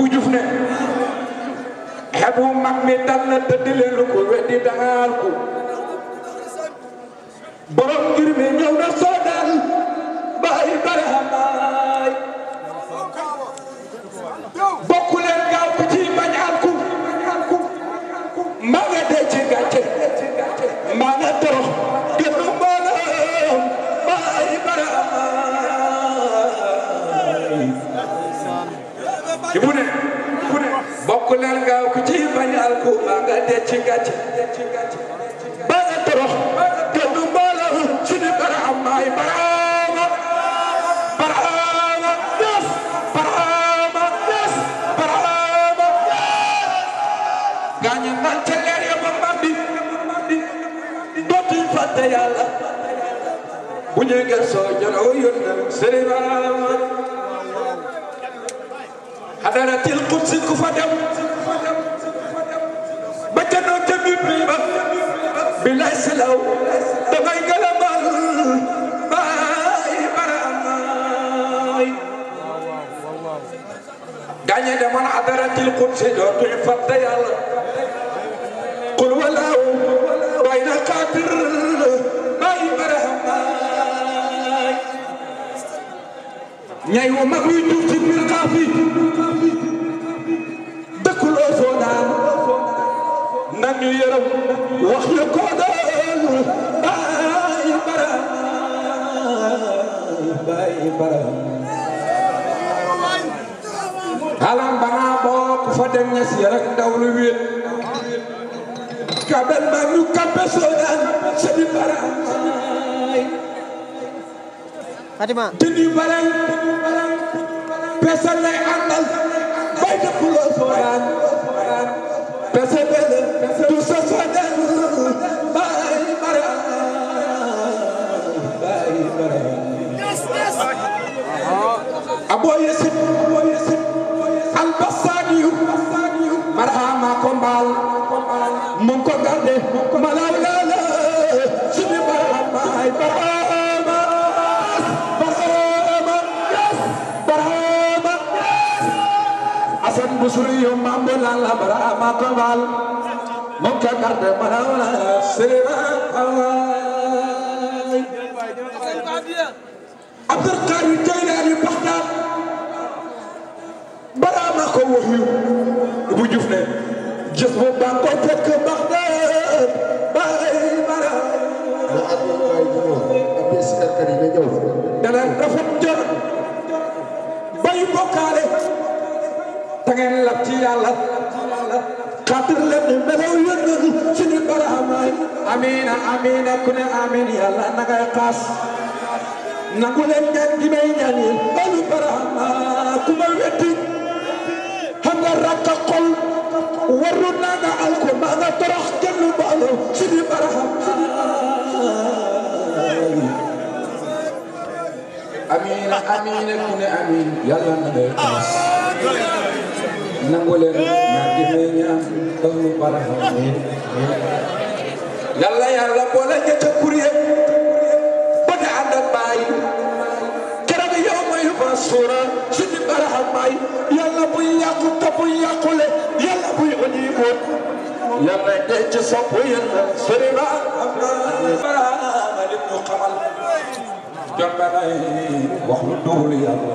bu juf ne xebu mag mi dal na te di leen lu ko weddi dangaar ko borom mi ñëw na soo daan bàyyi bare xamaa kulangaa ku ci bañ alkuuma nga denc gàcce ba nga torox te du mbooloo suñu baraam maay baraama baraama yes baraama yes baraama yes gaa ñu naan ca leer ya ba mbambi dootuñ fàtte yàlla bu ñuy gëstoo jëloo yónnal sëriñ baraama xadaratil qudsi ku fa dem ba ca noo ca biir bi ba bilaay silaw dangay ngelamal baay baramaay gaañe demoon xadaratil qudsi dootuñ fàtte yàlla qul walaaw waay na qaadir baay baramaay ñay wa mag wi tuuti biir xaafi ñu yërëm wax ñu ko doon bàyyi bara bàyyi bara halam banaa bopp fa dem ñes ya rek ndaw lu wéet kabel ma ñu kampe soodaan sëbi bara Fatima tindi bara pesal lay àndal bay dëpp loo soodaan percebendo, tu só só suriyo mambo la la bara matobal mokka karde manawla sera awai abdul qadir jaylani baxtaan bara ma ko waxyu bu juf ne jëf ba ko fekk baxtaan bay bara abdul qadir jaylani abdul qadir jaylani ñëw dana rafet jor amiin amiin ku ne amiin yàlla na ngay xaas nangu leen ñaan gi may ñaan yi balu barahama ku ma wetti xam nga rakka xol waru naa nga al ko maa nga torox kenn baalo si di barahama amiin amiin ku ne amiin yàlla na ngay nangu leen ñaar gi may ñaan doomu baraxam yàlla yàlla boole ñu ca kuréel ba te ànd ak baay keroog yow may ma suura suñu baraxam baay yàlla buy yàqu te buy yàqule yàlla buy uniboon yàlla denc sopp yéen sëriñ ba baraxam li mu xamal jot na nay wax lu dul yàlla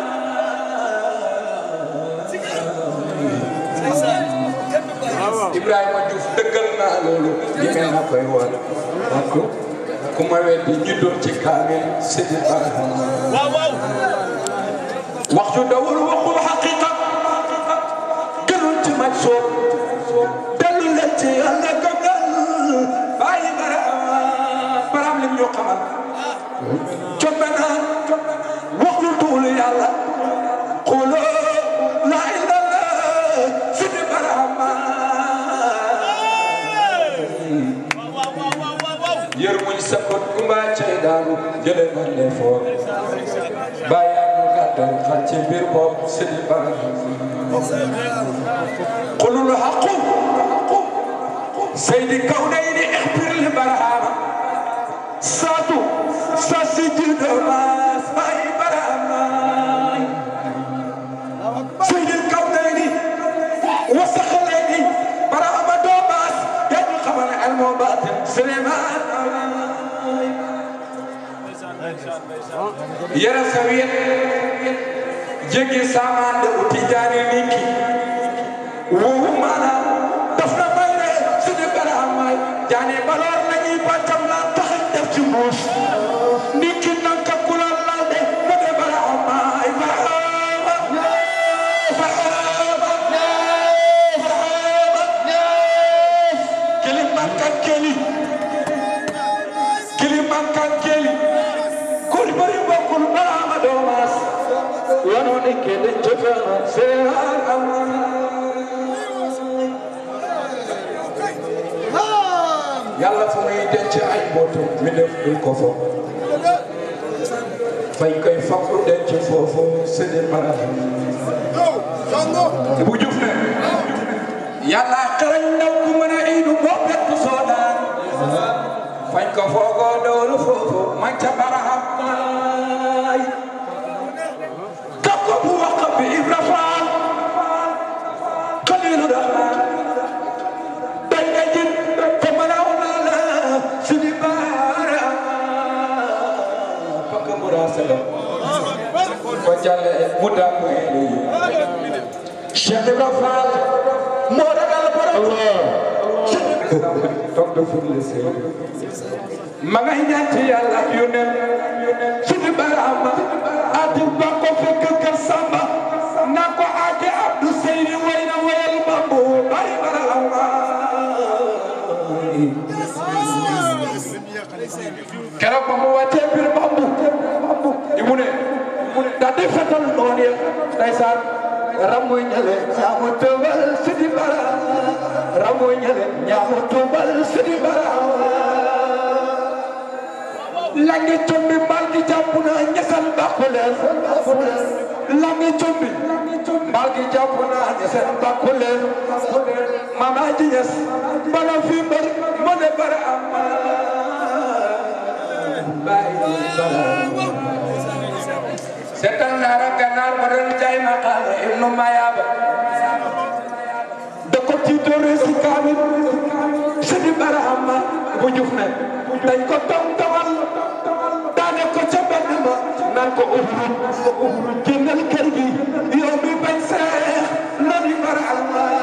Ibrahima Diouf dëggal wax ju dawul waxul xaqiqa gënul ci maj soo leen ci yàlla gëgal bàyyi bara baram lim ñu xamal coppe naa wax lu tuul yàlla daanu jële man ne foor bàyyi nu gàttal xal ci mbir moom sëñ ba qulul haqu seydi kaw li barhaama saatu sa si jiw jege samande o tijani ninki wowu mana dafna mayre sede bara hammay jani balor nañi bantam yàlla fu muy denc koy fàqu denc foofu sëriñ mara bu juf ne yàlla xarañ ndaw ku mën a idu boo bett fañ ko doolu foofu man ca jàlle mu dàpp yi Cheikh Ibra Fall moo ragal borom toog de fur le sey ma nga ci yàlla baraama ati ba ko fekk kër Samba na ko aaje Abdou Seyni way ya ndeysaan ramu ñale langi combi mbaal gi jàpp na ñesal bàkku leen langi combi mbaal gi jàpp na fi mbër mo ne bara am gànnaar ba doon jaay maqaama ibnu mayaaba da ko tiitoore si kaamil sëñ Barahama bu juf na dañ ko tom tomal daane ko ca benn ma naan ko uhrul ko uhrul génnal kër gi yow mi bañ seex nabi Barahama